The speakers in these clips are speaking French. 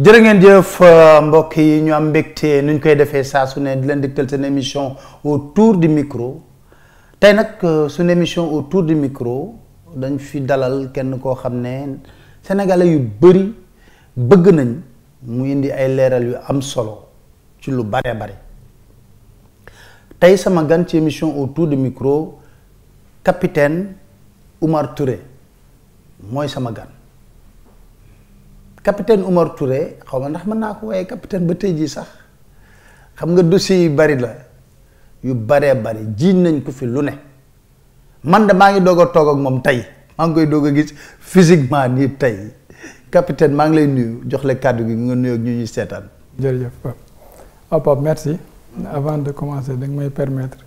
jërë ngeen jëf euh, mbokk yi ñu am mbégte nuñ koy defee saa su ne di leen dégtal seen émission autour du micro tey nag euh, suñu émission autour du micro dañ fi dalal kenn koo xam ne sénégalais yu bëri bëgg nañ mu indi ay leeral yu am solo ci lu bare bare tey sama gan ci émission autour du micro capitaine Oumar Touré mooy sama gan capitaine Oumar Touré ndax capitaine ba sax xam nga dossier bari la yu nañ ko fi lu ne man ngi ak ngi koy physiquement capitaine ngi lay nuyu jox le nga oh, merci avant de commencer je may permettre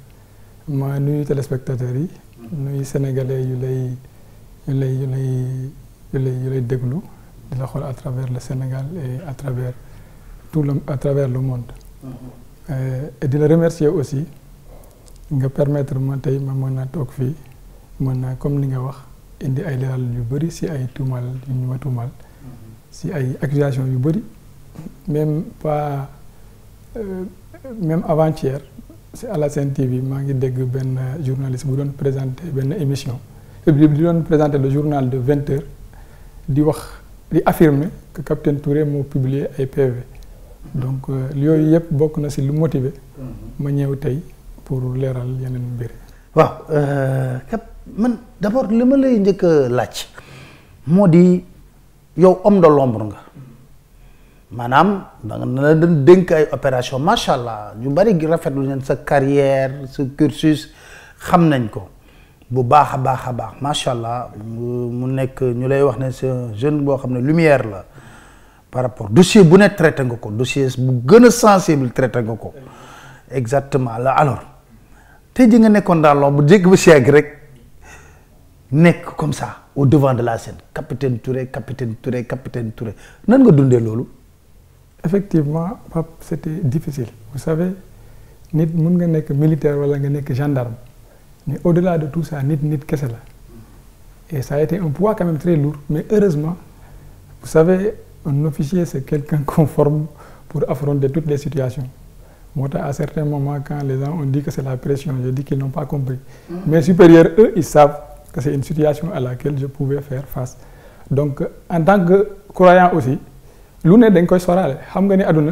ma nuyu téléspectateurs yi nuyu sénégalais lay yu lay yu lay yu lay la xool à travers le Sénégal et à travers tout le à travers le monde. Mm-hmm. et de le remercier aussi nga permettre ma tey ma mën naa toog fii comme li nga wax indi ay leeral yu tout si ay tuumal yu tout mal mm-hmm. si ay accusations yu bëri même pas euh, même avant-hier si Alassane TV maa ngi dégg benn journaliste bu présenter présenté émission di doon présenter le journal de 20h, di wax. Il affirme que capitaine Touré m'a publié ay PV donc euh, yooyu yëpp bokk na si motivé, motiver ma ñëw tey pour leeral yeneen mbir. waaw euh, cap man d' abord li ma lay njëkk a laaj moo di yow homme de l'ombre nga Manam da nga la dénk ay opération macha allah ñu bari rafetlu leen sa carrière sa cursus xam nañ ko bu baax a baax a baax macha allah mu nekk ñu lay wax ne c'est un jeune boo xam lumière la par rapport dossier bu ne traité nga dossier bu gën a sensible traité nga ko exactement la alors tey ji nga nekkoon dans l'ombre bu jégg ba si rek nekk comme ça au devant de la scène capitaine Touré capitaine Touré capitaine Touré nan nga dundee loolu. effectivement c'était difficile vous savez nit mun nga nekk militaire wala nga nekk gendarme mais au-delà de tout ça nit nit que et ça a été un poids quand même très lourd mais heureusement vous savez un officier c'est quelqu'un conforme pour affronter toutes les situations Moi, à certains moments quand les gens ont dit que c'est la pression je dis qu'ils n'ont pas compris mes mm. supérieurs eux ils savent que c'est une situation à laquelle je pouvais faire face donc en tant que croyant aussi l'une ne koy soraale xam nga ni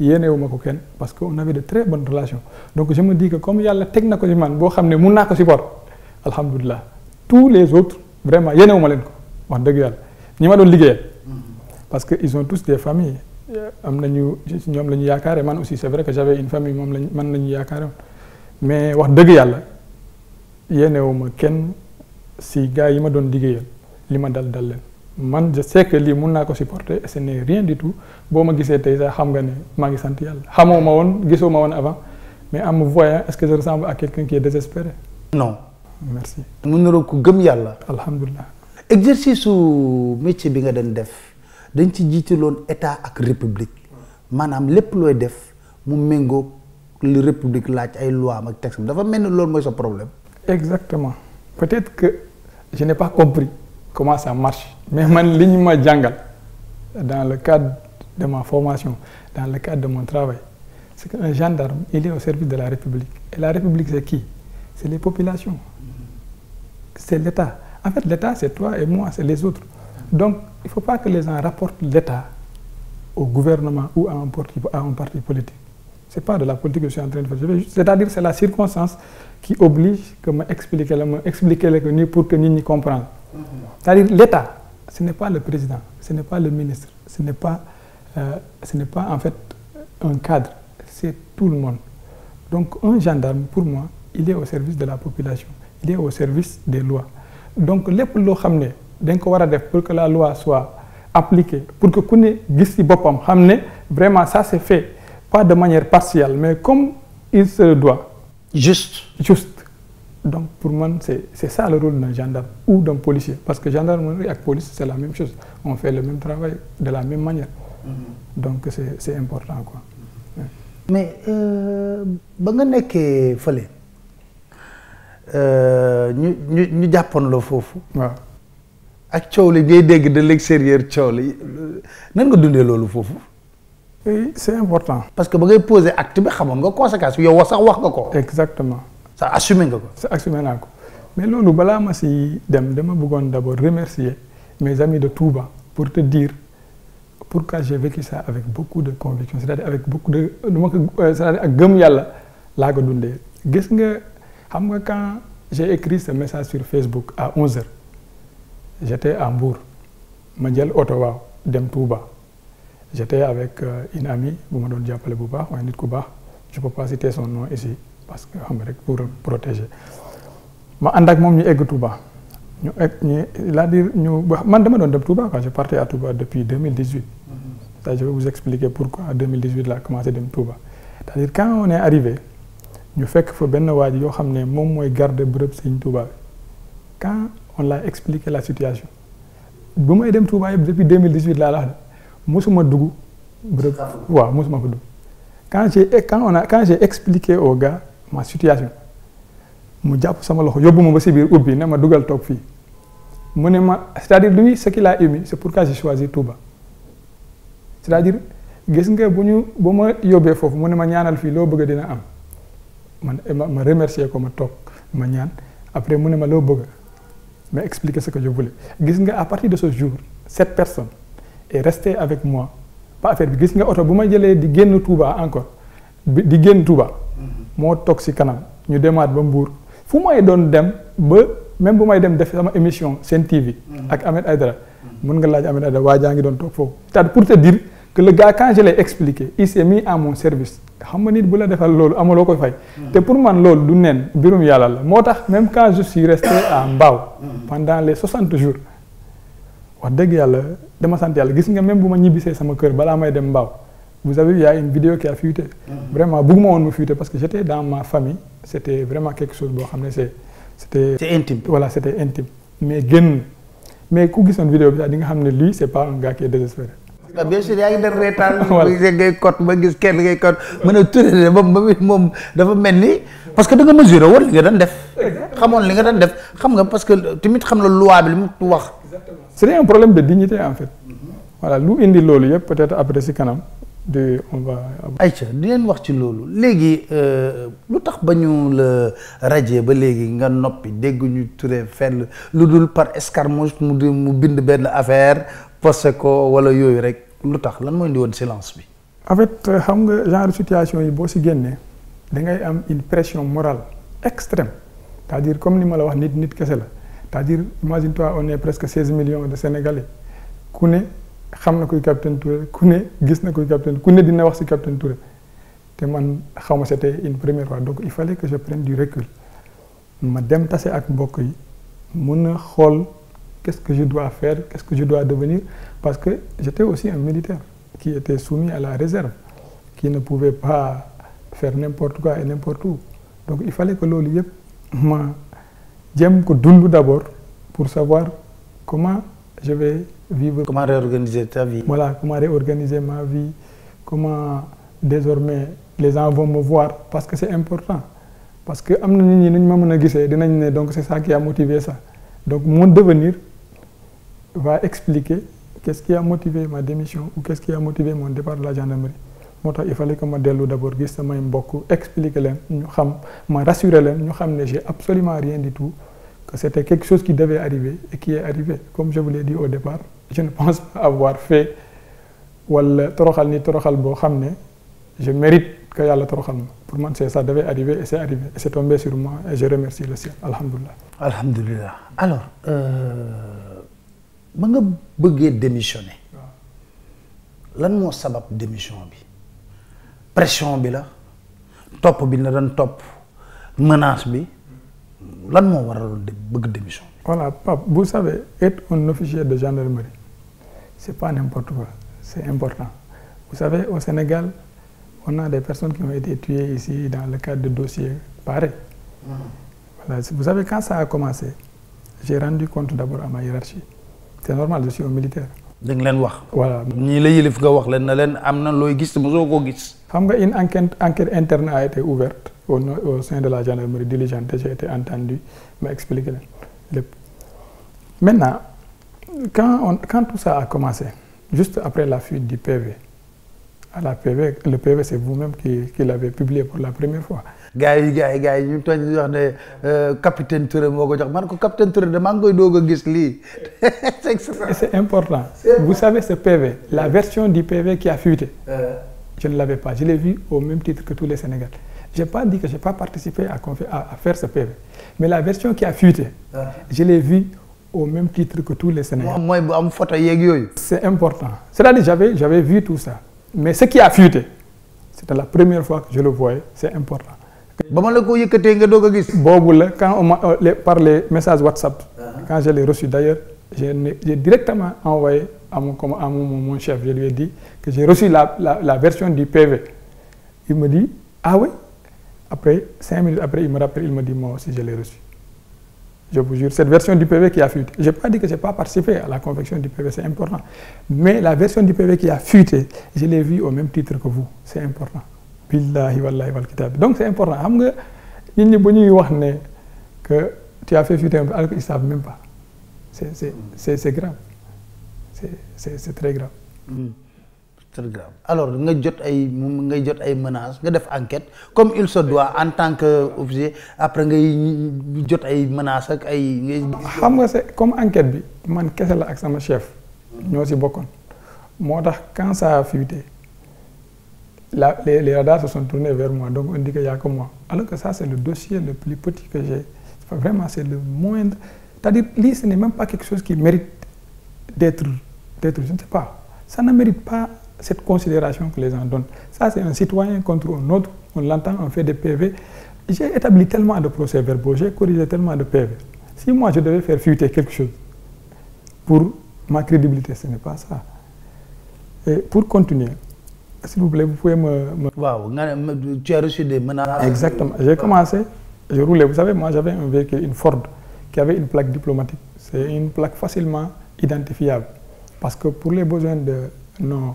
yéenewuma ko ken parce que on avait de très bonnes relations donc je me dis que comme yalla teg na ko ci man bo xam mu mun naa ko support tous les autres vraiment ma len ko wax deug yalla Ni ma doon liggéeyal. parce que ils ont tous des familles am nañu ñom lañu yaakaré man aussi c'est vrai que j'avais une famille mom lañ man lañu ñu mais wax dëgg yàlla ma ken si gars yi ma doon liggéeyal li ma dal dal man je sais que li mun naa ko supporter ce n'est rien du tout boo ma gisee tey sax xam nga ne ma ngi sant yalla xamoo ma avant mais en me voyant est-ce que je ressemble à quelqu'un qui est désespéré. non. merci. mu niroo ko gëm yalla alhamdoulillah exercice su métier bi nga doon def dañ ci et état ak république manam lepp loy def mu mengo le république laaj ay loi ak texte dafa mel lool moy sa problème. exactement peut-être que je n'ai pas compris comment ça marche mais man li ma dans le cadre de ma formation dans le cadre de mon travail c'est qu'un gendarme il est au service de la République et la République c'est qui c'est les populations c'est l'État en fait l'État c'est toi et moi c'est les autres donc il ne faut pas que les gens rapportent l'État au gouvernement ou à un parti, politique. Ce n'est politique c'est pas de la politique que je suis en train de faire c'est-à-dire que c'est la circonstance qui oblige que expliquer que pour que ni ni c'est-à-dire l'État ce n'est pas le président, ce n'est pas le ministre, ce n'est pas, euh, ce n'est pas en fait un cadre, c'est tout le monde. Donc un gendarme, pour moi, il est au service de la population, il est au service des lois. Donc les plus xam pour que la loi soit appliquée pour que les Gissi Bopam vraiment ça c'est fait pas de manière partielle mais comme il se doit. juste juste donc pour moi, c'est ça le rôle d'un gendarme ou d'un policier parce que gendarmerie et police c'est la même chose on fait le même travail de la même manière mm-hmm. donc c'est c'est important quoi mais euh, ba nga nekkee fële euh, ñu ñu ñu japon la fofu waaw ak coow li de l'extérieur coow li nan nga dundee loolu c'est important parce que ba ngay poser acte bi xamoon nga conséquence yow sax wax ko exactement ça assumé nga ko. ça assumé ko mais lolu bala ma si dem dama bëggoon remercier mes amis de Touba pour te dire pourquoi j'ai vécu ça avec beaucoup de conviction c'est-à-dire avec beaucoup de euh, c'est-à-dire ak gëm yalla la ko dundee. gis nga xam nga quand j'ai écrit ce message sur Facebook à 11h j'étais à Mbour ma jël oto waaw dem Touba j'étais avec euh, une amie bu ma don jappalé bu baax way nit ku baax je peux pas citer son nom ici parce que xam nga rek pour protéger ma andak ak moom ñu egg Touba ñu egg ñu laa dire ñu man dama don dem Touba quoi je partais à Touba depuis 2018 je vais vous expliquer pourquoi en 2018 la commencé dem Touba c'est-à-dire quand on est arrivé ñu fekk fa ben waa yo xamné mom moy garder mooy garde Touba quand on l'a expliqué la situation bu may dem Touba depuis 2018 La, la musuma mosuma dugg bërëb waaw musuma fa dugg quand j'ai quand on a quand j'ai expliqué au gars ma situation mu japp sama loxo yobuma ba si biir ubbi ne ma dugal tok fi. mu ne ma c'est-à-dire lui ce qu'il a émis c'est pourquoi j'ai choisi Touba c'est-à-dire gis nga buñu ñu yobé fofu yóbbee mu ne ma ñaanal fi lo bëgg dina am man eh, ma remercier ko ma tok ma ñaan après mu ne ma loo bëgg ma expliquer ce que je voulais gis nga à partir de ce jour cette personne est restée avec moi pas affaire bi gis nga auto buma ma di génn Touba encore di génn Touba. Mm-hmm moo toog si kanam ñu demaat ba Mbour fu may doon dem ba même bu may dem def sama émission Sen TV. Mhm. ak Ahmed Aïdara mhm. mën nga laaj Ahmed Aïdara waa jaa ngi doon toog foofu pour te dire que le gars quand je l'ai expliqué il s'est mis à mon service xam nga nit bu la defal loolu amaloo koy fay. Mhm. te pour man loolu du neen birum yàlla la moo tax même quand je suis resté à Mbaw. pendant les soixante jours. wax dëgg yàlla dama sant yàlla gis nga même bu ma ñibbisee sama kër balaa may dem Mbaw vous avez vu, il y a une vidéo qui a fuité. Mm-hmm. Vraiment, beaucoup de monde fuité parce que j'étais dans ma famille. C'était vraiment quelque chose, bon, c'était... intime. Voilà, c'était intime. Mais gain, mais quand vous une vidéo, lui, c'est pas un gars qui est désespéré. bien sûr yaa ngi dem mais des des cotes, ba cotes, des cotes. Il y a tërale il y a dafa cotes. parce que da nga mesuré woon li nga daan def xamoon li nga daan def xam nga parce que tamit xam la loi bi mu wax c'est un problème de dignité en fait mm-hmm. voilà lu indi loolu yëpp peut-être après si kanam de on va. Aïcha di len wax ci lolu léegi euh lutax bañu le radier ba léegi nga nopi dégguñu Touré fenn lu dul par escarmouche mu mu bind benn affaire parce que wala yoy rek lutax lan moy di won silence bi. en fait euh, xam nga genre situation yi bo si génnee da ngay am une pression morale extrême c'est-à-dire comme ni mala wax nit nit kessela c'est-à-dire imagine toi on est presque 16 millions de Sénégalais ku ne xamna kuy capitaine Touré ku ne kuy capitaine ku ne dina wax ci capitaine Touré té man xawma c'était une première fois donc il fallait que je prenne du recul ma dem tassé ak mbokk yi mëna a qu'est-ce que je dois faire qu'est-ce que je dois devenir parce que j'étais aussi un militaire qui était soumis à la réserve qui ne pouvait pas faire n'importe quoi et n'importe où donc il fallait que lolu yépp ma jéem ko dund d'abord pour savoir comment je vais Comment réorganiser ta vie Voilà, comment réorganiser ma vie, comment désormais les gens vont me voir parce que c'est important. Parce que donc c'est ça qui a motivé ça donc mon devenir va expliquer qu'est-ce qui a motivé ma démission ou qu'est-ce qui a motivé mon départ de la gendarmerie il fallait que me dellu d'abord gis samay beaucoup, expliquer rassurer leen ne j'ai absolument rien du tout que c'était quelque chose qui devait arriver et qui est arrivé. Comme je vous l'ai dit au départ, je ne pense pas avoir fait wala toroxal ni toroxal je mérite que yalla toroxal pour moi c'est ça devait arriver et c'est arrivé et c'est tombé sur moi et je remercie le ciel Alhamdulillah. alhamdoulillah alors je euh, nga démissionner. lan mo sabab démission bi pression bi la top bi na menace bi lan moo waral bëgg démission. voilà Pape vous savez être un officier de gendarmerie c'est pas n'importe quoi c'est important vous savez au Sénégal on a des personnes qui ont été tuées ici dans le cadre de dossiers pareils. Mmh. Voilà vous savez quand ça a commencé j'ai rendu compte d'abord à ma hiérarchie c'est normal je suis un militaire. da nga leen wax. voilà ñii la yilif nga wax leen na leen am na looy gis mosoo koo gis. xam nga une enquête enquête interne a été ouverte au, sein de la gendarmerie diligente, j'ai été entendu, m'expliquer Maintenant, quand, tout ça a commencé, juste après la fuite du PV, à la PV, le PV c'est vous-même qui, l'avez publié pour la première fois. Euh, capitaine capitaine de c'est important. vous savez ce PV la version du PV qui a fuité. Euh. je ne l'avais pas je l'ai vu au même titre que tous les Sénégalais. Je n'ai pas dit que je n'ai pas participé à, faire ce PV. Mais la version qui a fuité, ah. je l'ai vue au même titre que tous les scénarios. C'est important. C'est-à-dire j'avais j'avais vu tout ça. Mais ce qui a fuité, c'était la première fois que je le voyais, c'est important. Quand on euh, par les messages WhatsApp, ah. quand je l'ai reçu d'ailleurs, j'ai directement envoyé à mon, mon, chef, je lui ai dit que j'ai reçu la, la version du PV. Il me dit, ah oui, après, cinq minutes après, il me rappelle, il me dit, moi aussi, je l'ai reçu. Je vous jure, cette version du PV qui a fuité, je n'ai pas dit que je n'ai pas participé à la confection du PV, c'est important. Mais la version du PV qui a fuité, je l'ai vue au même titre que vous. C'est important. Billahi wallahi wal kitab. Donc c'est important. que tu as fait fuiter un peu, alors ne savent même pas. C'est grave. C'est très grave. Mm alors nga jot ay menaces, ngay jot ay menaces enquête comme il se doit en tant que après ngay jot ay menaces ak ay. xam nga comme enquête bi man kese ak chef. ñoo si quand ça a fuité les radars se sont tournés vers moi donc on dit que n'y a que moi alors que ça c'est le dossier le plus petit que j'ai vraiment c'est le moindre c'est-à-dire que ce n'est même pas quelque chose qui mérite d'être je ne sais pas ça ne mérite pas cette considération que les gens donnent. Ça, c'est un citoyen contre un autre. On l'entend, on fait des PV. J'ai établi tellement de procès-verbaux, j'ai corrigé tellement de PV. Si moi, je devais faire fuiter quelque chose pour ma crédibilité, ce n'est pas ça. Et pour continuer, s'il vous plaît, vous pouvez me... Wow, tu as reçu des menaces. Exactement. J'ai commencé, je roulais. Vous savez, moi, j'avais un véhicule, une Ford, qui avait une plaque diplomatique. C'est une plaque facilement identifiable. Parce que pour les besoins de nos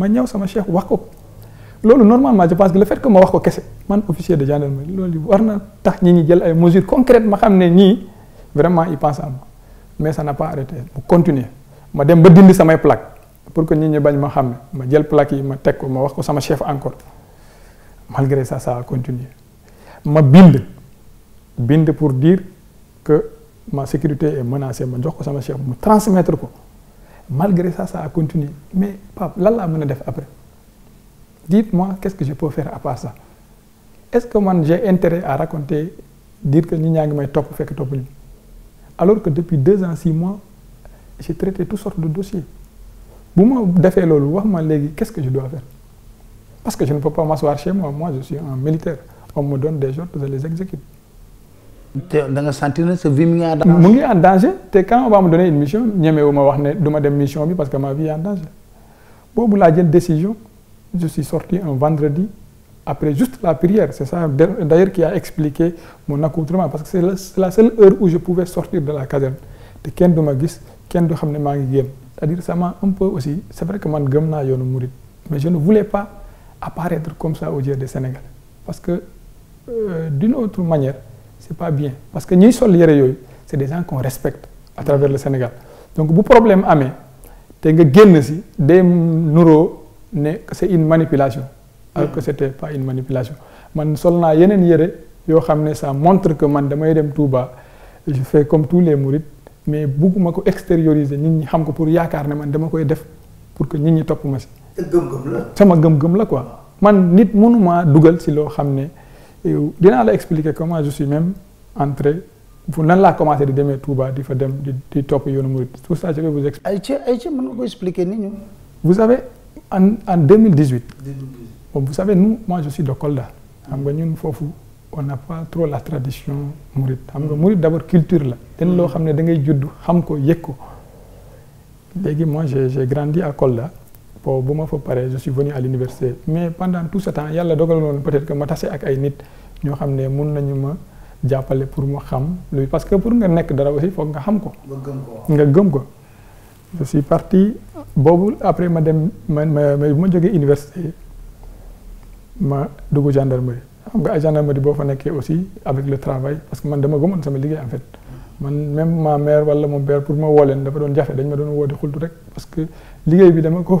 ma ñëw sama chef wax ko loolu normalement je pense que le fait que ma wax ko kese man officier de gendarmerie loolu war na tax ñi ñi jël ay mesures concrètes ma xam ne ñii vraiment il pense à moi mais ça n'a pas arrêté mu continuer ma dem ba dindi samay plaque pour que nit ñi bañ ma xam ma jël plaque yi ma teg ko ma wax ko sama chef encore malgré ça ça a continué ma bind bind pour dire que ma sécurité est menacée ma jox ko sama chef mu transmettre ko malgré ça ça a continué mais papa, là, m'a après dites-moi qu'est-ce que je peux faire à part ça est-ce que moi j'ai intérêt à raconter dire que nit me top may que top alors que depuis deux ans six mois j'ai traité toutes sortes de dossiers bu je fais le qu'est-ce que je dois faire parce que je ne peux pas m'asseoir chez moi moi je suis un militaire on me donne des ordres je les exécute te da sentir vie en danger. te quand on va me donner une mission ñemewu ma wax ne du ma dem mission parce que ma vie est en danger boobu la jël décision je suis sorti un vendredi après juste la prière c'est ça d'ailleurs qui a expliqué mon accoutrement parce que c'est la, seule heure où je pouvais sortir de la caserne te kenn ne ma gis kenn du xam ne ngi c'est-à-dire ça m'a un peu aussi c'est vrai que man gëm naa yoonu murid mais je ne voulais pas apparaître comme ça au yeux du Sénégal. parce que euh, d'une autre manière c'est pas bien parce que nous sol yére yooyu c'est des gens qu'on respecte à travers le Sénégal donc bu problème amee te nga génn si day c'est une manipulation alors que c'était pas une manipulation man solna yenen yeneen yo yoo ça montre que man damay dem Touba je fais comme tous les mourides mais beaucoup mako extérioriser nit ñi xam ko pour yaakaar ne man dama koy def pour que nit ñi top ma si. gëm-gëm la sama gëm-gëm la quoi man nit mënuma dugal si lo xam ne dinaa la expliquer comment je suis même entré Vous nan laa commencé di demee Touba di fa dem di di topp yoonu Mouride tout ça je vais vous expliquer. ay ci ay ci mën expliquer nit vous savez en en 2018. 2018 bon vous savez nous moi je suis de Kolda. xam nga Fofu. on n'a pas trop la tradition Mouride xam Mouride d'abord culture la. dañ loo xam ne da ngay Joudou, xam ko moi j'ai j'ai grandi à Kolda bon bu ma fa je suis venu à l'université mais pendant tout ce temps yàlla dogal noonu peut-être que ma tase ak ay nit ñoo xam ne mun pour moi xam lui parce que pour nga nek dara aussi faut nga xam ko. nga gëm ko je suis parti beaucoup après ma dem ma ma ma ma jógee université ma dugg gendarmerie xam nga gendarmerie boo fa aussi avec le travail parce que man dama gëmoon sama liggéey en fait. man même ma mère voilà mon père pour ma voilà leen dafa doon jafe dañ ma doon woo di rek parce que liggéey bi dama ko.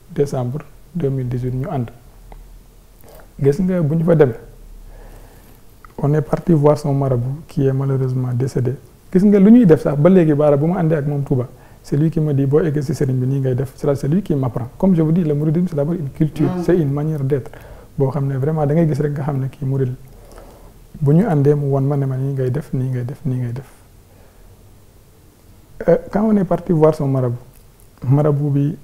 décembre 2018 ñu ànd gis nga bu fa dem on est parti voir son marabout qui est malheureusement décédé gis nga lu ñuy def sax ba léegi baara bu ma àndee ak moom Touba c'est lui qui me dit boo eggee si sëriñ bi nii ngay def c'est lui qui m'apprend comme je vous dis le mouridisme c'est d'abord une culture mm. c'est une manière d'être boo xam ne vraiment da ngay gis rek nga xam ne kii murid bu ñu àndee mu won ma ne ma nii ngay def nii ngay def nii ngay def euh, quand on est parti voir son marabout marabout bi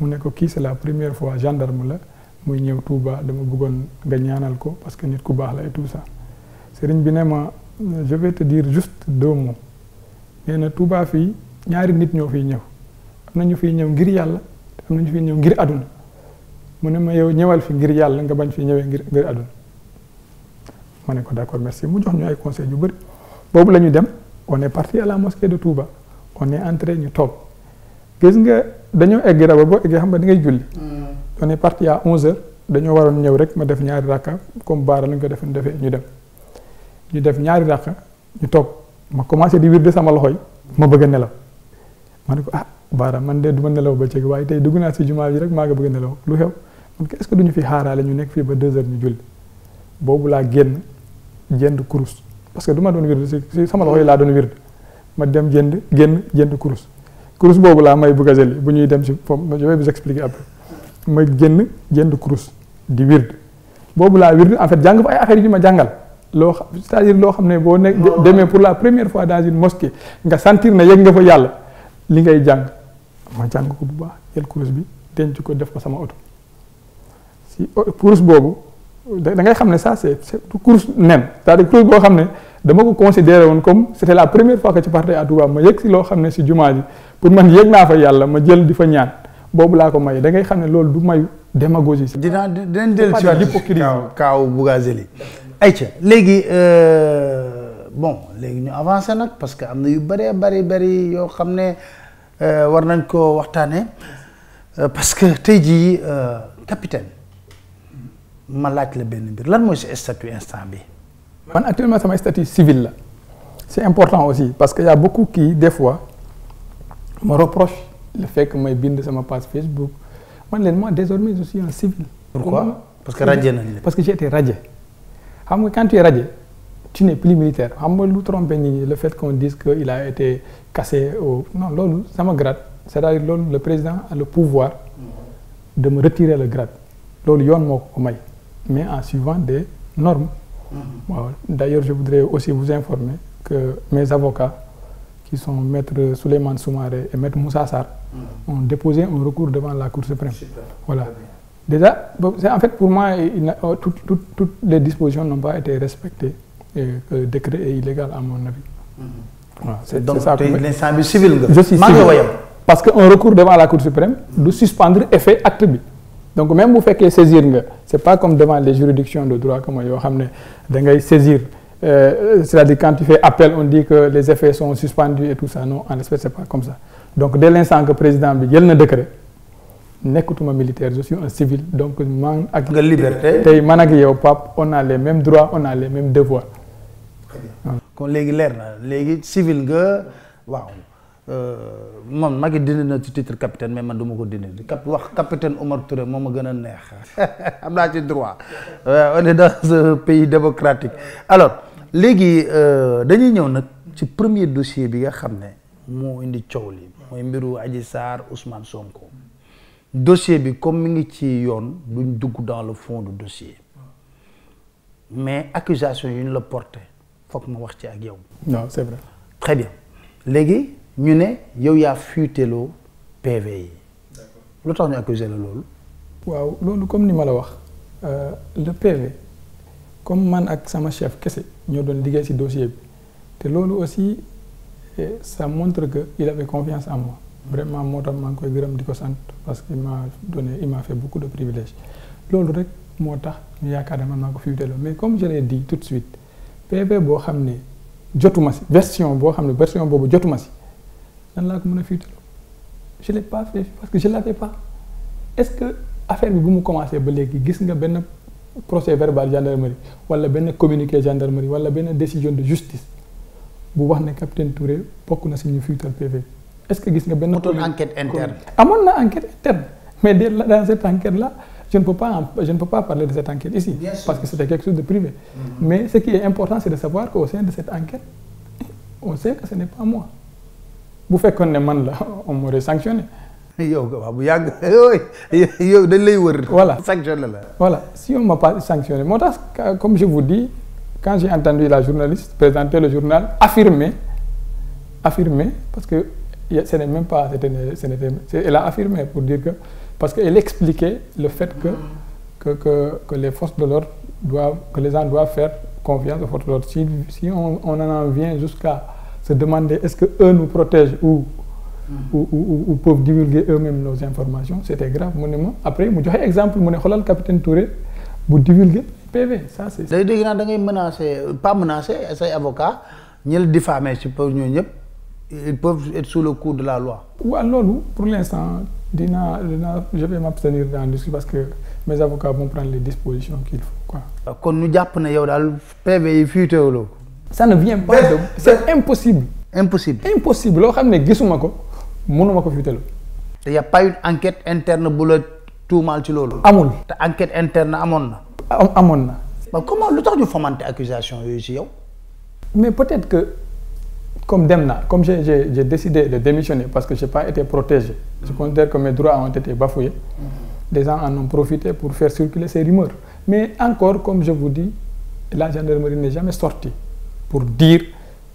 mu ko kii c'est la première fois gendarme la muy ñew Touba dama bëggoon nga ñaanal ko parce que nit ku baax la et tout ça serigne bi ne ma je vais te dire juste deux mots nee na Touba fi ñaari nit ñoo fiy ñëw am na ñu fiy ñëw ngir yalla am na ñu fiy ñëw ngir aduna mu ma yow ñewal fi ngir yalla nga bañ fi ñewé ngir ngir aduna mané ko d'accord merci mu jox ñu ay conseils yu bëri bobu lañu dem on est parti à la mosquée de Touba on est entré ñu top gis nga dañoo egg raba boo eggee xam nga da ngay julli. Mm. on est parti à 11h dañoo waroon ñëw rek ma def ñaari rakka comme baara lañ ko defoon defee ñu dem. ñu def ñaari rakka ñu toog ma commencé di wirde sama loxoy ma bëgg a nelaw ma ne ko ah baara man de duma ma nelaw ba ceeb waaye tey dugg naa si jumaa ji rek maa ngi bëgg a nelaw lu xew man est-ce que duñu fi xaaraale ñu nekk fii ba 2h ñu julli boobu laa génn jënd kurus parce que duma ma doon wirde si sama loxoy yi laa doon wirde ma dem jënd génn jënd kurus vous may bu ñuy dem je vais vous expliquer après may genn genn kurus di wird la la wird en fait je fa ay yu ma jangal Lo, c'est-à-dire que xamné bo pour la première fois dans une mosquée nga sentir ne yegg nga fa yalla li ngay jang ma jang ko bu baax bi denc ko def ko sama si bobu da ngay xamné ça c'est c'est c'est-à-dire bo dama ko considéré comme c'était la première fois que tu partais à Touba ma ci lo, xamné ci pour man yëg naa fa yalla ma jël difa ñaan bobu la ko may da ngay xamné ne loolu du mayu démagogie. dinaa dinañ dellu ci hypocrisie ay Bougazelli légui euh bon légui ñu avancer nak parce que amna yu bari bari bari yo xamné euh war nañ ko waxtané euh, parce que tay ji euh capitaine ma laaj la benn mbir lan mooy sa statut instant bi. man actuellement sama statut civil la. c'est important aussi parce que y a beaucoup qui des fois me reproche le fait que ma bind ma page Facebook moi désormais je suis un civil. pourquoi parce que radié parce que j'ai été radié quand tu es radié tu n'es plus militaire Je ne lu trompé le fait qu'on dise qu'il a été cassé au non ça me gratte. c'est-à-dire que le président a le pouvoir de me retirer le grade C'est ce que may mais en suivant des normes. Mm-hmm. d'ailleurs je voudrais aussi vous informer que mes avocats qui sont Maître Souleymane Soumaré et Maître Moussa mm. ont déposé un recours devant la Cour suprême. Voilà. Déjà, en fait, pour moi, oh, toutes les dispositions n'ont pas été respectées. Et illégales, décret illégal, à mon avis. Mmh. Voilà, ça. Tu es civile. Je suis civil. Parce qu'un recours devant la Cour suprême, nous mm-hmm. suspendre effet acte Donc, même vous faites saisir, ce n'est pas comme devant les juridictions de droit, comme vous savez, vous saisir euh, c'est-à-dire quand tu fais appel, on dit que les effets sont suspendus et tout ça. Non, en ce c'est pas comme ça. Donc, dès l'instant que le président bi jël un décret un militaire je suis un civil donc man ak. nga liberté tey man ak yow Pape on a les mêmes droits on a les mêmes devoirs. Donc, léegi leer civil nga waaw. Euh, moom maa ngi titre capitaine mais man ne suis ko dindi cap wax capitaine Omar Touré moo ma gën a neex am naa ci droit euh, on est dans un pays démocratique alors léegi euh, dañuy ñëw nag ci premier dossier bi nga xam ne moo indi coow li mooy mbiru Adji sar, Ousmane Sonko dossier bi comme mi ngi ci yoon duñ dugg dans le fond du dossier mais accusation yi ñu la porté foog ma wax ci ak yow. non c'est vrai. très bien léegi ñu ne yow yaa fuiteloo PV yi. d'accord lu tax ñu accusé la loolu. waaw loolu comme ni ma la wax euh, le PV comme man ak sama chef quest kese ñoo doon liggéey ci dossier bi te loolu aussi eh, ça montre que il avait confiance en moi vraiment moo tax maa ngi koy gërëm di ko sant parce que il m'a donné il m'a fait beaucoup de privilèges loolu rek moo tax ñu yaakaar ne man maa ko fi mais comme je l'ai dit tout de suite PV boo xam ne jotuma version boo xam ne version boobu jotuma ci nan laa ko mën a fi wuteeloo je l'ai pas fait parce que je l'avais pas est-ce que affaire bi bu mu commencé ba léegi gis nga benn procès verbal gendarmerie wala bien communiqué gendarmerie wala bien décision de justice bu voyez, capitaine Touré bokk na si ñu PV est-ce que vous avez une enquête interne amoon une enquête interne mais dans cette enquête là je ne peux pas je ne peux pas parler de cette enquête ici. parce que c'était quelque chose de privé. Mm-hmm. mais ce qui est important c'est de savoir qu'au sein de cette enquête on sait que ce n'est pas moi Vous faites qu'on man là, on m'aurait sanctionné voilà si on m'a pas sanctionné comme je vous dis quand j'ai entendu la journaliste présenter le journal affirmer affirmer parce que ce n'est même pas ce n'était elle a affirmé pour dire que parce qu'elle expliquait le fait que que les forces de l'ordre doivent que les gens doivent faire confiance aux forces de l'ordre si on, on en vient jusqu'à se demander est-ce qu'eux nous protègent ou ou ou ou peuvent divulguer eux-mêmes nos informations c'était grave monéma après mu joxe exemple mu ne le capitaine Touré vous divulguer PV ça c'est. day dégg naa da ngay pas menacer c'est avocats ñi la diffamer ci ils peuvent être sous le coup de la loi. Ou alors, pour l'instant je vais m'abstenir d'en discuter parce que mes avocats vont prendre les dispositions qu'il faut quoi. kon nous jàpp ne yow PV yi futur, ça ne vient pas de c'est impossible. impossible impossible loo que ne gisuma ko mënuma ko tel. Il n'y a pas une enquête interne bu tout mal ci loolu. Amon. te enquête interne amoon na. Mais comment le temps de fomenter accusation mais peut-être que comme dem comme j'ai décidé de démissionner parce que je n'ai pas été protégé. je considère que mes droits ont été bafouillés. Les gens en ont profité pour faire circuler ces rumeurs mais encore comme je vous dis la gendarmerie n'est jamais sortie pour dire.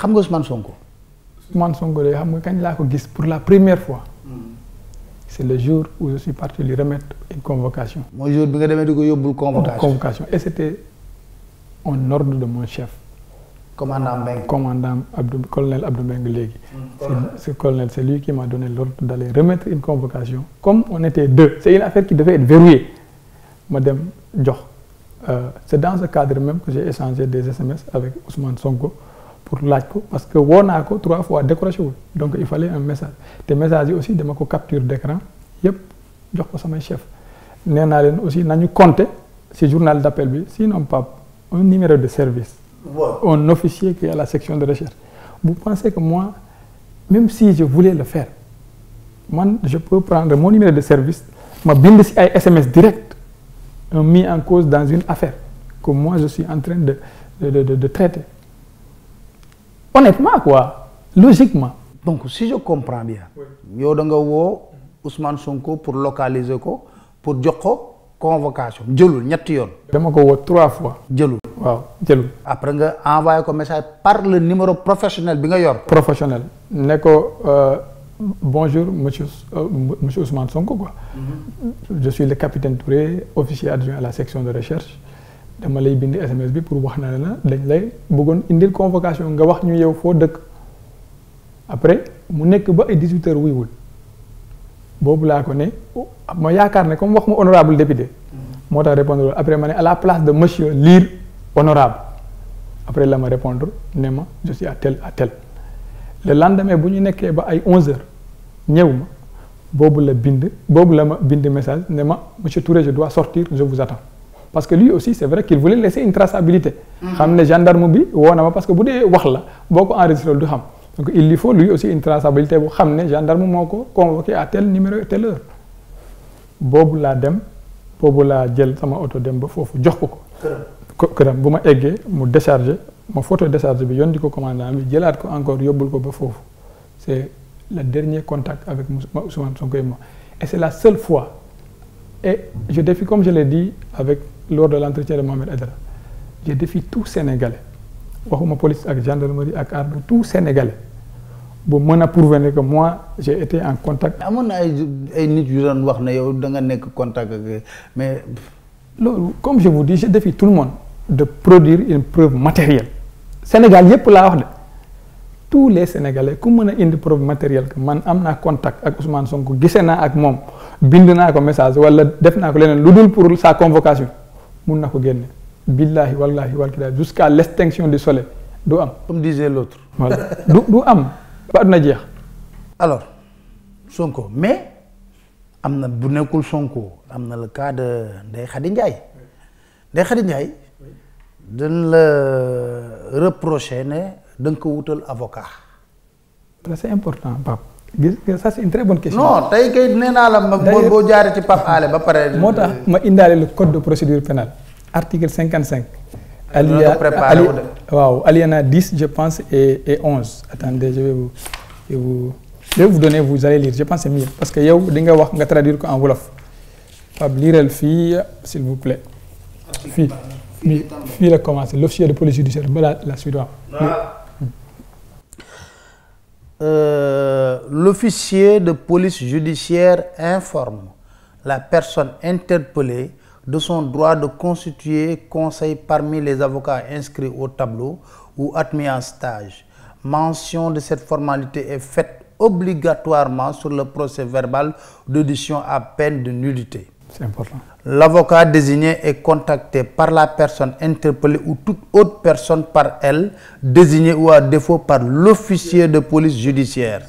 xam Ousmane Sonko. Ousmane Sonko pour la première fois. Mm. C'est le jour où je suis parti lui remettre une convocation. jour bi nga di convocation et c'était en ordre de mon chef. commandant commandant Abdou colonel Abdou Mbengue mm, ce colonel lui qui m'a donné l'ordre d'aller remettre une convocation comme on était deux c'est une affaire qui devait être verrouillée Madame dem euh, c'est dans ce cadre même que j'ai échangé des SMS avec Ousmane Sonko pour Lacco, parce que on a trois fois décroché donc il fallait un message Des messages aussi de ko capture d'écran yep jox ko mon chef Nous avons aussi compté, compter ces journal d'appel sinon pas un numéro de service. un officier qui est à la section de recherche. vous pensez que moi même si je voulais le faire je peux prendre mon numéro de service ma bind si SMS direct un mis en cause dans une affaire que moi je suis en train de, de, de traiter honnêtement quoi logiquement. donc si je comprends bien. yow da nga Ousmane Sonko pour localiser pour dire ko convocation jëlul ñetti yoon. dama ko trois fois. jëlul waaw jëlul. après nga envoyé message par le numéro professionnel yor. professionnel euh, bonjour monsieur euh, monsieur Ousmane Sonko quoi. Mhm. je suis le capitaine Touré officier adjoint à la section de recherche dama lay bind SMS bi pour wax na la dañ lay bëggoon indil convocation nga wax ñu yow foo dëkk après mu nekk ba ay 18 heures wuyuwul boobu laa ko ne ma yaakaar ne comme wax ma honorable député mm-hmm. moo tax répondre après ma ne à la place de monsieur lire honorable après la ma répondre ne ma je suis à tel à tel le lendemain bu ñu nekkee ba ay 11 heures ñëw ma boobu la bind boobu la ma bind message ne ma monsieur Touré je dois sortir je vous attends parce que lui aussi c'est vrai qu'il voulait laisser une traçabilité xam ne gendarme bi wonama parce que boudé wax la boko ko enregistré du xam donc il lui faut lui aussi une traçabilité bu xamné gendarme moko convoqué à tel numéro tel heure bobu la dem bobu la jël sama auto dem ba fofu jox ko ko këram bu mu déchargé ma photo décharger bi yondi ko commandant bi jëlaat ko encore yobul ko ba fofu c'est le dernier contact avec Ousmane Sonko et moi et c'est la seule fois et je défie, comme je l'ai dit avec, lors de l'entretien de Mohamed Adela, je défie tout Sénégalais, Wahouma police ak gendarmerie ak tous tout Sénégalais bu moi, prouver que moi j'ai été en contact. amoon ay nit yu wax ne contact mais. comme je vous dis je défie tout le monde de produire une preuve matérielle Sénégal pour la wax tous les Sénégalais comment ils ont une preuve matérielle que man am contact avec Ousmane Sonko j'ai ak bind naa ko message wala def naa ko leneen lu dul pour sa convocation mun na ko génne billahi wallahi walkida jusqu'à l'extinction du soleil du am. comme disait l'autre voilà du du am ba àdduna jeex. alors Sonko mais am na bu nekkul Sonko am na le cas de Ndeye Khady Ndiaye Ndeye Khady Ndiaye dañ la reprocher ne da nga ko wutal avocat. c'est important Pape ça c'est une très bonne question. non tey kay nee la ci Pape Alé ba paré. moo euh, ma indalé le code de procédure pénale article 55 cinq. alinéa waaw alinéa 10 je pense et et 11. attendez je vais vous je vous je vais vous donner vous allez lire je pense c'est mieux parce que yow di nga wax nga traduire ko en wolof. Pape le fi s'il vous plaît. fii fii la commencer l'officier de police judiciaire balaa la suite. oui euh, l'officier de police judiciaire informe la personne interpellée de son droit de constituer conseil parmi les avocats inscrits au tableau ou admis en stage. Mention de cette formalité est faite obligatoirement sur le procès verbal d'audition à peine de nullité. C'est important l'avocat désigné est contacté par la personne interpellée ou toute autre personne par elle, désignée ou à défaut par l'officier de police judiciaire.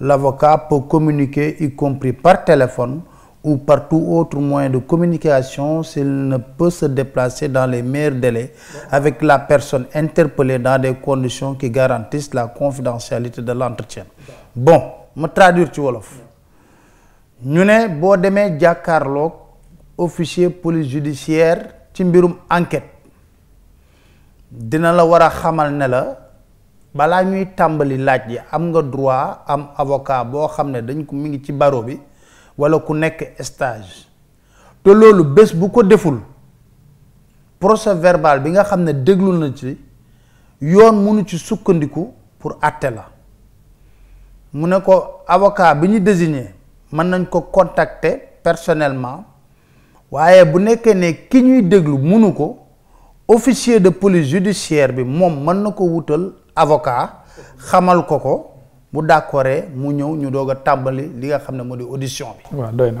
L'avocat peut communiquer, y compris par téléphone ou par tout autre moyen de communication, s'il ne peut se déplacer dans les meilleurs délais avec la personne interpellée dans des conditions qui garantissent la confidentialité de l'entretien. Bon, je traduire tu Wolof. Nous, si officier police judiciaire ci mbirum enquête dina la war a xamal ne la balaa ñuy laaj am nga droit am avocat boo xam ne dañ ko mu ngi ci baro bi wala ku nekk stage te loolu bés bu ko deful procès verbal bi nga xam ne déglu na ci yoon munu ci sukkandiku pour attela. la mu ko avocat bi ñu désigné mën nañ ko contacter personnellement waaye bu nekkee ne ki ñuy déglu officier de police judiciaire bi moom mën na ko wutal avocat xamal ko ko bu d'accordee mu ñëw ñu doog a li nga xam ne audition bi. waaw doy na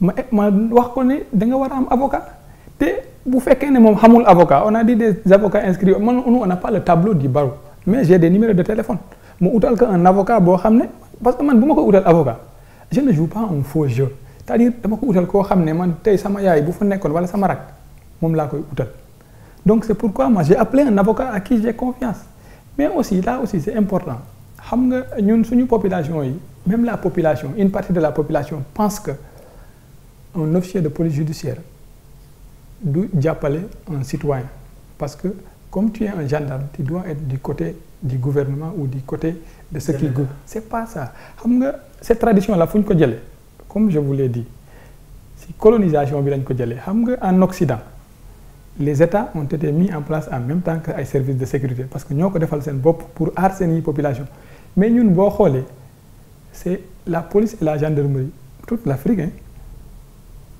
ma wax ko ne da nga war am avocat te bu fekkee ne moom xamul avocat on a dit des avocats inscrits man on n'a pas le tableau du barreau mais j'ai des numéros de téléphone mu utal ko un avocat boo xam ne parce que man bu ma ko utal avocat je ne joue pas un faux jeu c'est-à-dire dama ko utal koo xam ne man tey sama yaay bu fa nekkoon wala sama rak moom laa koy utal donc c'est pourquoi moi j'ai appelé un avocat à qui j'ai confiance mais aussi là aussi c'est important xam nga ñun suñu population yi même la population une partie de la population pense que un officier de police judiciaire d'où un citoyen. Parce que comme tu es un gendarme, tu dois être du côté du gouvernement ou du côté de ceux qui gouvernent. C'est pas ça. Cette tradition-là, comme je vous l'ai dit, c'est colonisation En Occident, les États ont été mis en place en même temps que les services de sécurité. Parce que nous avons fait pour arsenir la population. Mais nous, c'est la police et la gendarmerie, toute l'Afrique, hein,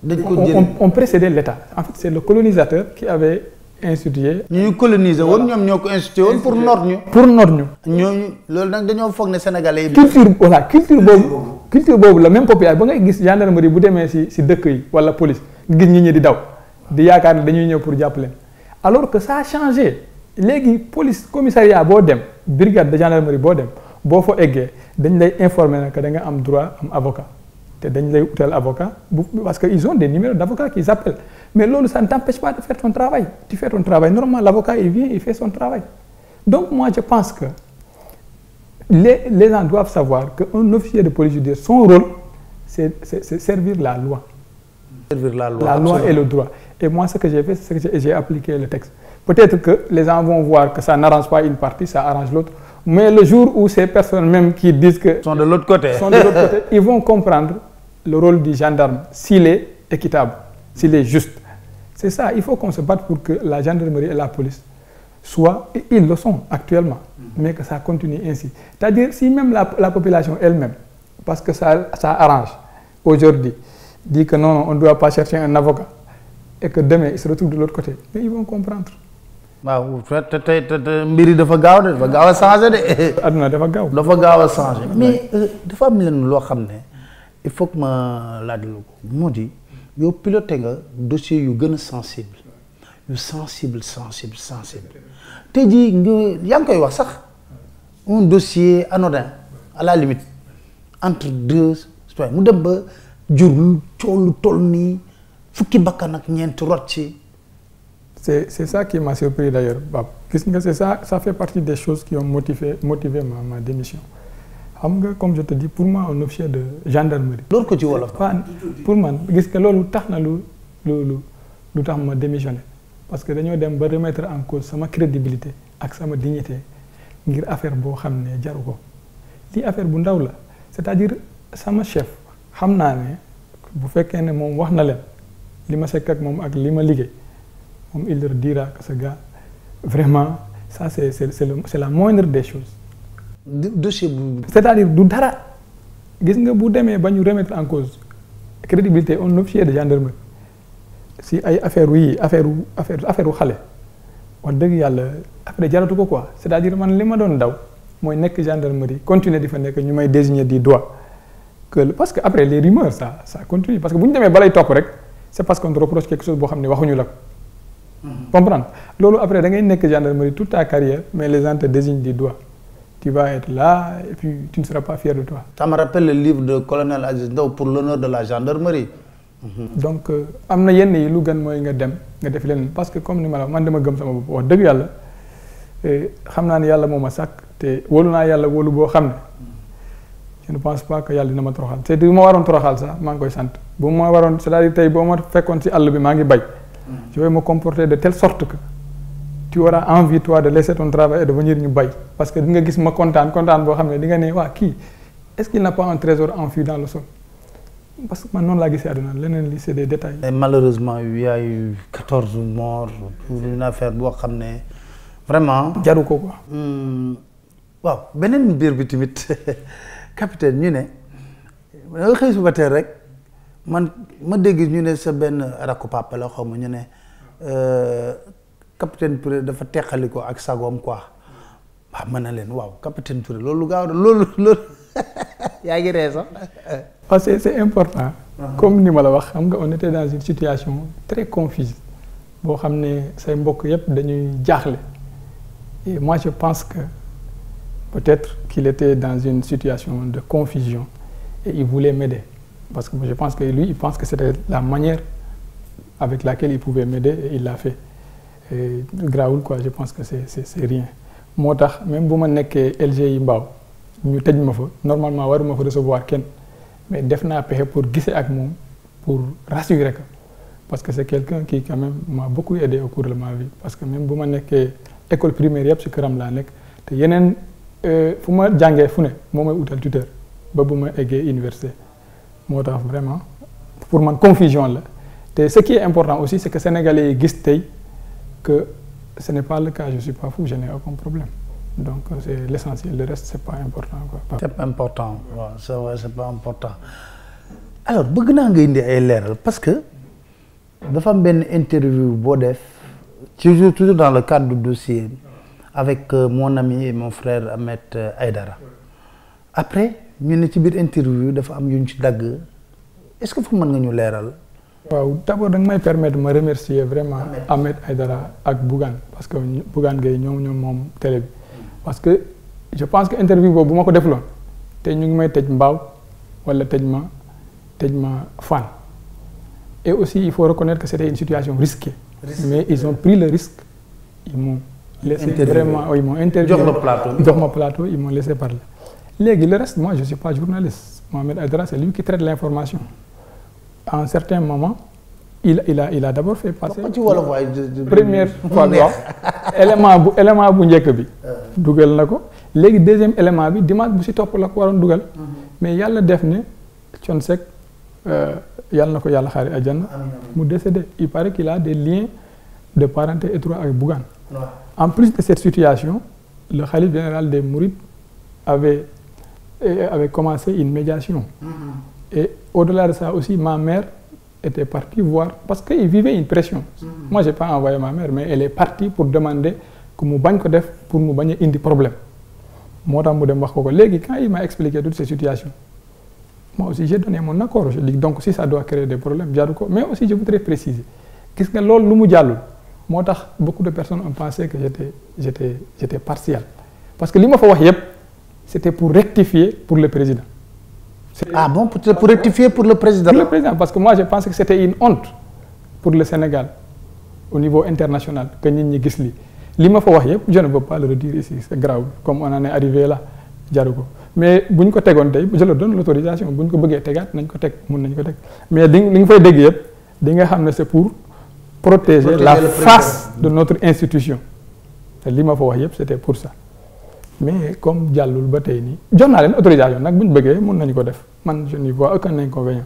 on, on, on précédait l'État. En fait, c'est le colonisateur qui avait institué. ñu ñu coloniser woon ñoom ñoo institué woon pour noot pour noot ñu. ñooñu loolu nag dañoo foog sénégalais yi. culture voilà culture boobu. culture boobu la même population ba ngay gis gendarmerie bu demee si si dëkk yi wala police gis ñi ñi di daw di yaakaar ne dañuy ñëw pour jàpp alors que ça a changé léegi police commissariat boo dem brigade de gendarmerie boo dem boo fa eggee dañ lay informer ne que da nga am droit am avocat tel avocat parce qu'ils ont des numéros d'avocats qu'ils appellent mais l'eau, ça ne t'empêche pas de faire ton travail tu fais ton travail normalement l'avocat il vient il fait son travail donc moi je pense que les les gens doivent savoir qu'un officier de police judiciaire son rôle c'est servir la loi servir la loi la loi et le droit et moi ce que j'ai fait c'est que j'ai appliqué le texte peut-être que les gens vont voir que ça n'arrange pas une partie ça arrange l'autre mais le jour où ces personnes même qui disent que... Sont de l'autre côté. Sont de l'autre côté, ils vont comprendre le rôle du gendarme, s'il est équitable, s'il est juste. C'est ça, il faut qu'on se batte pour que la gendarmerie et la police soient, et ils le sont actuellement, mhm. mais que ça continue ainsi. C'est-à-dire, si même la, population elle-même, parce que ça, ça arrange aujourd'hui, dit que non, on ne doit pas chercher un avocat, et que demain, ils se retrouvent de l'autre côté, mais ils vont comprendre. Bah te tey te mbir dafa gaaw de dafa gaaw a changé de. aduna dafa gaaw dafa gaaw a changé. mais euh, dafa am leen loo xam ne il faut que ma laaj la ko moo di yow piloté nga dossier yu gën a sensible yu sensible sensible sensible tey jii nga yaa ngi koy wax sax un dossier anodin à la limite entre deux citoyens mu dem ba jur coow lu toll nii fukki bakkan ak ñeenti rot ci. C'est ça qui m'a surpris d'ailleurs. Bah, c'est ça, ça fait partie des choses qui ont motivé, motivé ma, démission. comme je te dis pour moi un officier de gendarmerie. tu vois ci wolof pour moi, parce que je veux fait c'est lu je tax ma parce que je dem remettre en cause ma crédibilité et ma dignité ngir affaire que xamné ne li affaire bu ndaw la c'est-à-dire sama chef xamna né bu fekké ne sais wax na leen li ma ak mom ak li comme um il leur dira que ce gars, vraiment, ça c'est la moindre des choses. c'est-à-dire du dara a nga bu demee ba remettre en cause crédibilité on officier de gendarmerie si ay affaire yi affaire affaire affaire xale wax dëgg yàlla Après, jaratu ko quoi c'est-à-dire man li ma pas. daw que la gendarmerie continuer di fa que ñu may désigner des droits. parce que après les rumeurs ça ça continue parce que si vous avez ba lay c'est parce qu'on reproche quelque chose boo xam ne waxuñu pas Mhm. comprendre Lolo après da ngay nek gendarmerie toute ta carrière mais les gens te désignent du doigt tu vas être là et puis tu ne seras pas fier de toi. ça me rappelle le livre de colonel Aziz Ndaw pour l'honneur de la gendarmerie. Mhm. donc euh, amna yenn yi lu gën moy nga dem nga def len parce que comme ni ma la man dama gëm sama bop wax deug yalla euh xamna ni yalla moma sak té te yalla wolu bo xamné je ne pense pas que yalla dina ma c'est du ma waroon troxal sax maa koy sant bu ma waroon c'est-à-dire tey boo ma fekkon ci àll bi maa ngi bay. Je hmm. vais me comporter de telle sorte que tu auras envie toi de laisser ton travail et de venir nous bay parce que di nga gis ma content, content, bo xamné di nga né wa est-ce qu'il n'a pas un trésor enfui dans le sol parce que man ne la pas aduna lenen li c'est des détails. Et malheureusement il y a eu 14 morts pour une affaire bo xamné ne vraiment. jaru ko quoi. Hmm, waaw beneen de bi timit capitaine ñu ne da nga rek man ma dégg ñu ne sa benn rakku papa la xaw ma ñu ne euh, capitaine Touré dafa teqali ko ak sagoom quoi waaw ah, mën suis leen waaw capitaine Touré loolu gaaw loolu loolu yaa ngi ree sax. parce que c'est important. Uh-huh. comme ni ma la wax xam nga on était dans une situation très confuse boo xam ne say mbokk yépp dañuy jaaxle et moi je pense que peut-être qu'il était dans une situation de confusion et il voulait m'aider parce que je pense que lui, il pense que c'était la manière avec laquelle il pouvait m'aider et il l'a fait. Et Graoul, quoi, je pense que c'est rien. Moi même si je suis LG Imbao, je ñu normalement ma fa normalement ma fa recevoir quelqu'un. mais je suis définitivement pour guisser ak moi, pour rassurer parce que c'est quelqu'un qui quand même m'a beaucoup aidé au cours de ma vie parce que même je suis à école primaire yëpp si je suis à l'école primaire, je suis jàngee fu ne outal suis tuteur ba suis suis à université moi vraiment pour ma confusion là ce qui est important aussi c'est que sénégalais yi que ce n'est pas le cas je suis pas fou je n'ai aucun problème donc c'est l'essentiel le reste c'est pas important pas important c'est pas important alors nga indi parce que dafa am une interview Bodef, toujours toujours dans le cadre du dossier avec euh, mon ami et mon frère Ahmed euh, Aïdara après ñu ne ci biir interview dafa am yuñ ci dagg est-ce que vous mën nga ñu leeral. waaw d'abord da nga may permettre ma remercier vraiment Ahmed Aydara ak Bougane parce que Bougane Gueye ñoom ñoom moom télé parce que je pense que interview boobu bu ma ko defloon te ñu ngi may tej mbaaw wala tej ma tej ma fan et aussi il faut reconnaître que c'était une situation risquée mais ils ont pris le risque ils m'ont laissé vraiment ils m'ont interviewé jox ma plateau ils m'ont laissé parler Léegi, le reste, moi, je ne suis pas journaliste. Mohamed Adra c'est lui qui traite l'information. À un certain moment, il, il a, il a d'abord fait passer. première fois élément élément bu njëkk bi. Euh. dugal na deuxième élément bi dimanche bu si top la couronne, dougal. Mhm. mais yalla def ne Thione Seck euh, yàlla na ko yàlla mu décédé il paraît qu'il a des liens de parenté étroits avec Bougane. en plus de cette situation le Khalif général des Mourides avait et avait commencé une médiation. Mm-hmm. Et au-delà de ça aussi, ma mère était partie voir, parce qu'il vivait une pression. Mm-hmm. Moi, je n'ai pas envoyé ma mère, mais elle est partie pour demander que mon def pour mon une des problème. Moi, quand il m'a expliqué toutes ces situations, moi aussi j'ai donné mon accord. Je dis donc si ça doit créer des problèmes, mais aussi je voudrais préciser. Qu'est-ce que l'ol Moi, beaucoup de personnes ont pensé que j'étais partiel. Parce que ce que je c'était pour rectifier pour le président. Ah bon, pour, pour rectifier pour le président Pour le président, parce que moi je pense que c'était une honte pour le Sénégal au niveau international que nous avons je ne veux pas le redire ici, c'est grave, comme on en est arrivé là, Jarugo. Mais si on le fait, je leur donne l'autorisation, si on avons fait, on avons fait, Mais ce que vous c'est pour protéger, la face de notre institution. C'est ce que je c'était pour ça mais comme Dialoul ba dit, nii jox autorisation je ne vois aucun inconvénient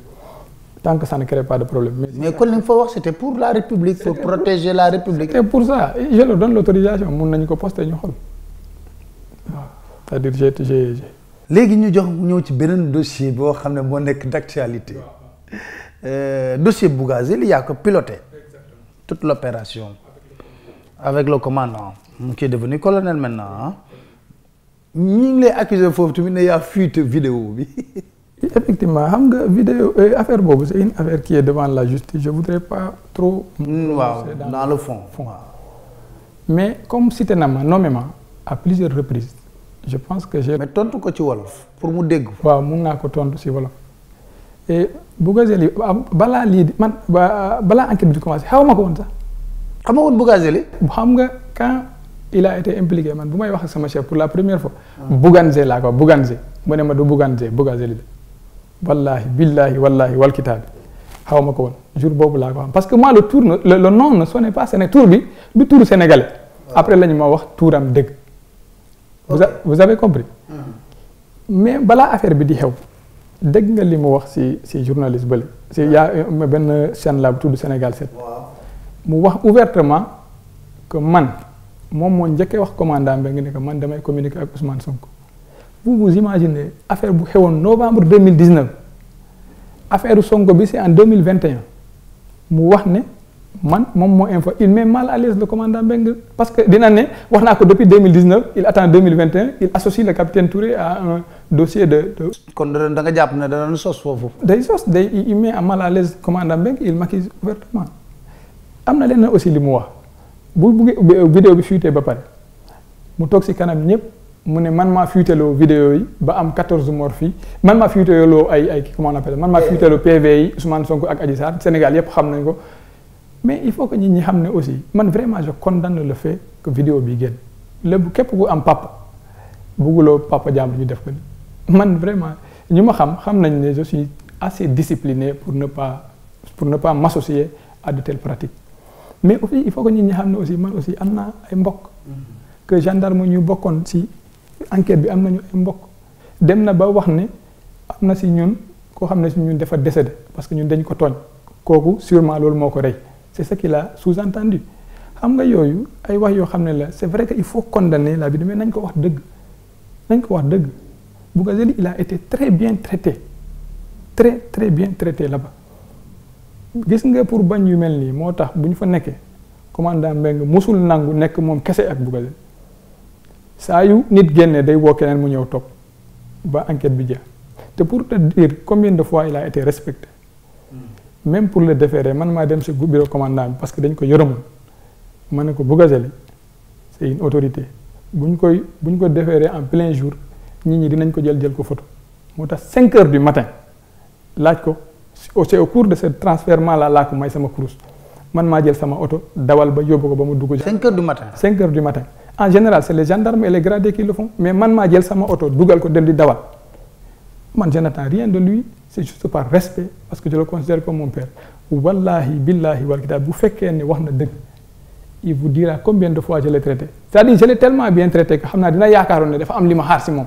tant que ça ne crée pas de problème. mais c'était pour la république. pour protéger la république. c'est pour ça je leur donne l'autorisation je peux ko poster ñu c'est-à-dire que j'ai Maintenant, ñu jox ont ci dossier qui est le d'actualité. d'actualité euh, dossier Bougazil il a piloté toute l'opération avec le commandant qui est devenu colonel maintenant hein ñu ngi lay accuser foofu tamit ne yaa fuite vidéo bi. effectivement xam nga vidéo euh, affaire boobu c'est une affaire qui est devant la justice je voudrais pas trop. Mm, waaw dans le fond fond. mais comme cité na nommément à plusieurs reprises je pense que j'ai mais tontu ko ci wolof pour mu dégg. waaw mun naa ko tontu ci wolof. et Bougazelli bala lii man bala enquête de commencer. comment xaw ma ko woon sax. xam nga xam nga quand il a été impliqué man bu may wax sama chef pour la première fois. Bouganzé laa ko Bouganzé mu ne ma du Bouganzé Bouganzé Wallahi, billahi, Wallahi, wal kitab. xaw ma ko jour bobu laa ko parce que moi le tour le le nom ne sonnait pas Séné tour bi du tour sénégalais. après la ñu ma wax tuuram dëgg. vous vous avez compris. Mm-hmm. mais bala affaire bi di xew. dégg nga li mu wax si si journaliste bële si a ben chaîne là tout du Sénégal 7. mu wax ouvertement que man. Je suis le wax commandant de ne man communiquer ak Ousmane Sonko vous vous imaginez affaire bu en novembre 2019 L'affaire affaire Sonko c'est en 2021. ne man mon info il met mal à l'aise le commandant Mbengue parce que dina année depuis 2019. il attend 2021, il associe le capitaine Touré à un dossier de. kon da nga ne il met mal à l'aise le commandant Mbengue il maquille ouvertement Il na aussi les mois bu buggee eh, vidéo bi fuité ba pare mu tok si kanam ñep mu né man maa lo vidéo yi ba am 14 morts man ma fuiteloo ay ay comment on appelle man ma eh. fuiteloo PV yi Ousmane Sonko ak Adji Sarr Sénégal yépp xam nañ ko mais il faut que nit ñi xam aussi man vraiment je condamne le fait que vidéo bi Le lépp képp ku am papa bugguloo papa jàmbur ñu def ko ni man vraiment ñu ma xam xam nañ né je suis assez discipliné pour ne pas pour ne pas m'associer à de telles pratiques mais aussi il faut que nous ñi xam aussi man aussi Anna naa ay mbokk que gendarme ñu bokkoon si enquête bi amna ñu ay mbokk dem na ba wax ne amna ci ñun ko xamne ci ñun dafa décédé parce que ñun dañ ko togn kooku sûrement loolu moko ko c'est ce qu'il a sous-entendu xam nga yoyu ay wax yo xamne la c'est vrai que il faut condamner la bi demé nañ ko wax deug nañ ko wax dëgg Bougazeli il a été très bien traité très très bien traité là-bas gis nga pour bañ yu mel nii moo tax bu ñu fa nekkee commandant mbeng musul nangu nekk moom kese ak Bougazel saa yu nit génnee day woo keneen mu ñëw topp ba enquête bi jeex te pour te dire combien de fois il a été respecté même pour le déférer man maa dem si bureau commandant bi parce que dañ ko yërëmoon ma ne ko Bougazel c'est une autorité buñ koy buñ ko déférer en plein jour nit ñi dinañ ko jël jël ko photo moo tax 5 heures du matin laaj ko c'est au cours de ce transfert là laa ko may man ma jël sama auto dawal ba yóbbu ko ba mu dugg. 5 heures du matin 5 heures du matin. en général c'est les gendarmes et les gradés qui le font mais man ma jël sama auto dugal ko dem di dawal man je n'attends rien de lui c'est juste par respect parce que je le considère comme mon père. wallahi billahi wal kitab bu fekkee ni wax na il vous dira combien de fois je l'ai traité c'est-à-dire je l'ai tellement bien traité que xamna dina yakarone dafa am lima ma xaar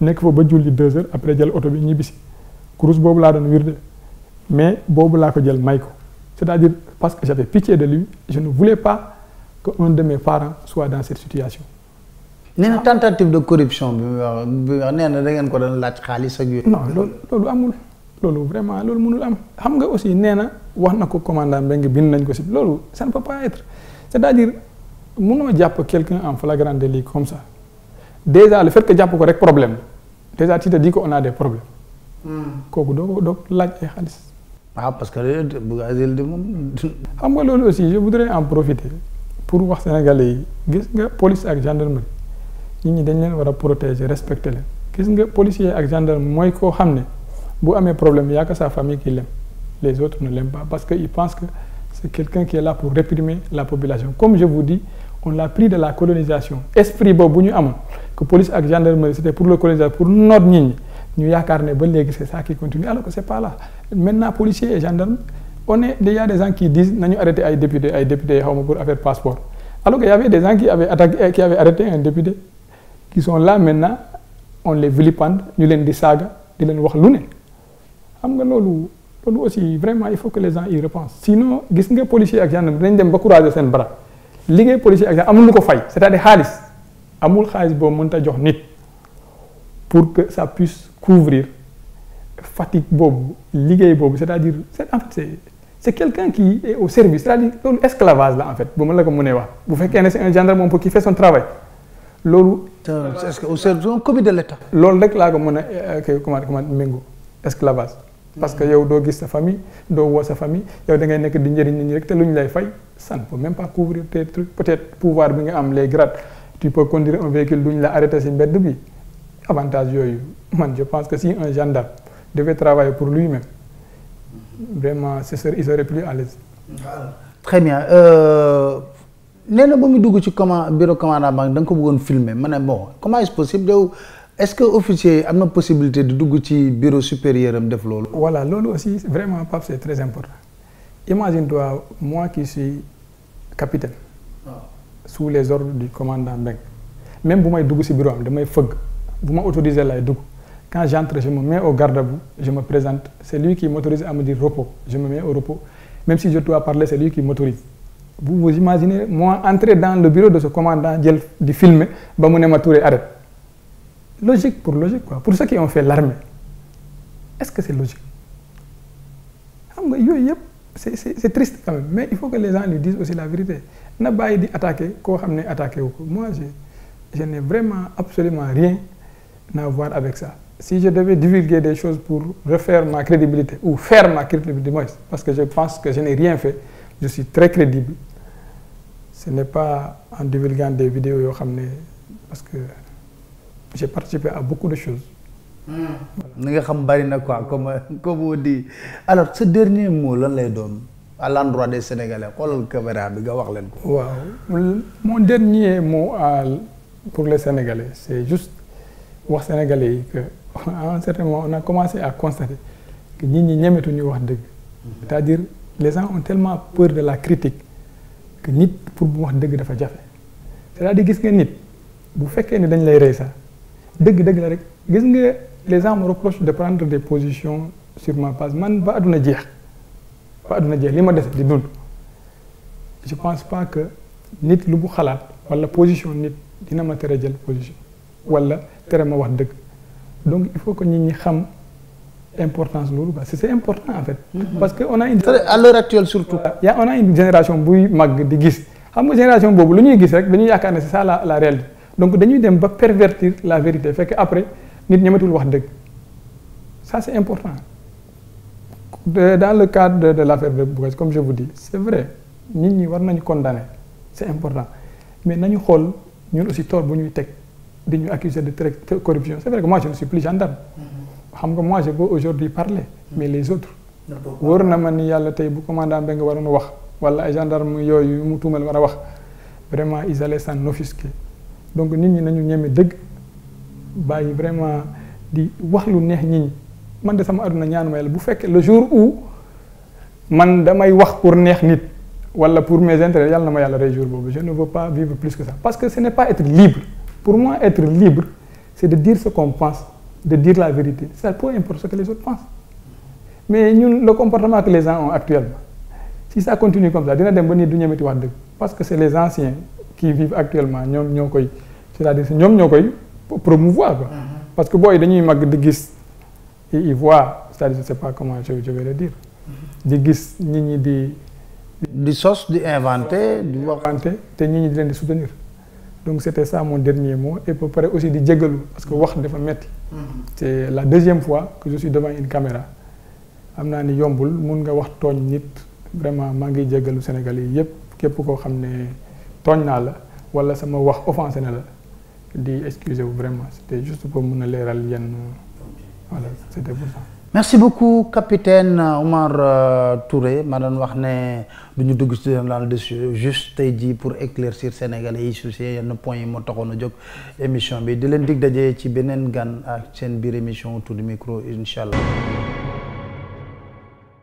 nekk fa ba julli 2 heures après jël auto bi ñibisi kurus bobu la doon wirde mais bobu la ko jël may ko c'est-à-dire parce que j'avais pitié de lui je ne voulais pas que un de mes parents soit dans cette situation. nena tentative de corruption bi wax bi da ngeen ko doon lacc xaalis ak yooyu. non lolu amul lolu vraiment lolu mënul am xam nga aussi nena wax na ko commandant Mbengue bind nañ ko si lolu ça ne peut pas être c'est-à-dire mënoo japp quelqu'un en flagrant délit comme ça déjà le fait que jàpp ko problème déjà tu te dis qu'on a des problèmes. Hmm. kooku doo ko doo laaj ah parce que le di de xam Moi aussi je voudrais en profiter pour wax sénégalais La nga police et gendarmerie nit ñi dañ leen protéger respecter Les policiers nga les gendarmes, gendarme mooy que xam ne bu amee problème a sa famille qui l'aime les autres ne l'aiment pas parce qu'ils pensent que c'est quelqu'un qui est là pour réprimer la population comme je vous dis on l'a pris de la colonisation esprit que police les gendarmerie c'était pour le collège, pour notre nous Nous, ñu yaakaar ba c'est ça qui continue alors que ce n'est pas là maintenant policiers et gendarmes on est déjà des gens qui disent ont arrêté un député un député pour passeport alors qu'il y avait des gens qui avaient eh, qui avaient arrêté un député qui sont là maintenant on les vilipende ñu les di nous les leen wax lu aussi vraiment il faut que les gens y repensent sinon gis policiers et ak gendarme dañ dem ba courager Les bara et Les ak ils ont gendarmes, ko c'est-à-dire haris amul xaalis boo mënta jox nit pour que ça puisse couvrir fatigue boobu liggéey boobu c'est-à-dire c'est en fait c'est c'est quelqu'un qui est au service c'est-à-dire loolu esclavage la en fait bu ma la ko mënee wax bu fekkee ne c'est un gendarme on peu qui fait son travail loolu. est-ce que au service commis de l'État. loolu rek laa ko mën a euh, comment comment mengo esclavage. parce que yow doo gis sa famille doo woo sa famille yow da ngay nekk di njëriñ nit ñi rek te luñ lay fay ça ne peut même pas couvrir tes trucs peut-être pouvoir bi nga am les grades tu peux conduire un véhicule d'une la arrêté c'est mbedd bi avantage yooyu man je pense que si un gendarme devait travailler pour lui-même vraiment ce serait il serait plus à l'aise. très bien euh... Néna ba mi dugg ci bureau commandant banque da ko bëggoon filmer mané bon comment est-ce possible est-ce que officier a une possibilité de dugg ci bureau supérieur def voilà lolu aussi vraiment c'est très important imagine-toi moi qui suis capitaine sous les ordres du commandant Beng. même je suis dans ci bureau am damay autorisé quand j'entre je me mets au garde boue je me présente c'est lui qui m'autorise à me dire repos je me mets au repos même si je dois parler c'est lui qui m'autorise vous vous imaginez moi entrer dans le bureau de ce commandant de filmer je mon ne ma arrête logique pour logique quoi pour ceux qui ont fait l'armée est-ce que c'est logique c'est c'est triste quand même mais il faut que les gens lui disent aussi la vérité attaquer moi je n'ai vraiment absolument rien à voir avec ça si je devais divulguer des choses pour refaire ma crédibilité ou faire ma crédibilité parce que je pense que je n'ai rien fait je suis très crédible ce n'est pas en divulguant des vidéos parce que j'ai participé à beaucoup de choses. Hmm. nga xam bari quoi comme comme alors ce dernier mot lan les donne à l'endroit des Sénégalais caméra mon dernier mot pour les Sénégalais c'est juste wax Sénégalais qu'à un certain moment on a commencé à constater que nit ñi pas wax dëgg. c'est-à-dire les gens ont tellement peur de la critique que nit pour bu wax dëgg dafa c'est-à-dire gis nga nit bu fekkee ne dañ lay rey les gens me reprochent de prendre des positions sur ma base man pas àdduna dire ba àdduna jeex li ma di je pense pas que nit lu mu xalaat wala position nit dina ma tere jël position wala tere ma wax deug donc il faut que nit ñi xam importance loolu quoi c'est important en fait. Mm-hmm. parce que on a une. à l'heure actuelle surtout. a on a une génération bu mag di gis xam nga génération bobu lu ñuy gis rek dañuy yaakaar c'est ça la la réalité donc dañuy dem ba pervertir la vérité Fait que après nit ñemetul wax deug ça c'est important. Euh, dans le cadre de, l'affaire de Bouguès, comme je vous dis c'est vrai nous ni war condamner c'est important mais nous xool ñun aussi tort bu nous teg accuser de corruption c'est vrai que moi je ne suis plus gendarme mm-hmm. xam nga moi je peux aujourd'hui parler mm-hmm. mais les autres wóor na ma pas dire que le commandant Mbengue waroon wax wala gendarme yooyu mu tuumal pas vraiment ils allaient s'en offusquer donc nous devons nañu ñeme dëgg bàyyi vraiment di wax lu neex nit man le jour où man damay wax pour neex nit wala pour mes je ne veux pas vivre plus que ça parce que ce n'est pas être libre pour moi être libre c'est de dire ce qu'on pense de dire la vérité ça peu importe ce que les autres pensent mais le comportement que les gens ont actuellement si ça continue comme ça dina dem ba nit du parce que c'est les anciens qui vivent actuellement ñom ñokoy c'est-à-dire ñom ñokoy promouvoir quoi mm-hmm. parce que boy dañuy mag de gis et ils voient c'est-à-dire je sais pas comment je, je vais le dire di voient nit ñi di. di sos di inventer di inventé te ñi di soutenir donc c'était ça mon dernier mot et pour pare aussi di jéggalu parce que wax dafa metti c'est mhm. C'est la deuxième fois que je suis devant une caméra am naa ni yombul mun nga wax nit vraiment maa ngi jéggalu Sénégal yi yëpp képp koo xam ne tooñ naa la wala sama wax offensé na la di excuser vraiment c'était juste pour me a yenn. Voilà, c'était pour merci beaucoup capitaine Omar euh, Touré Madame dessus juste pour éclaircir sénégalais sur points émission autour du micro inchallah.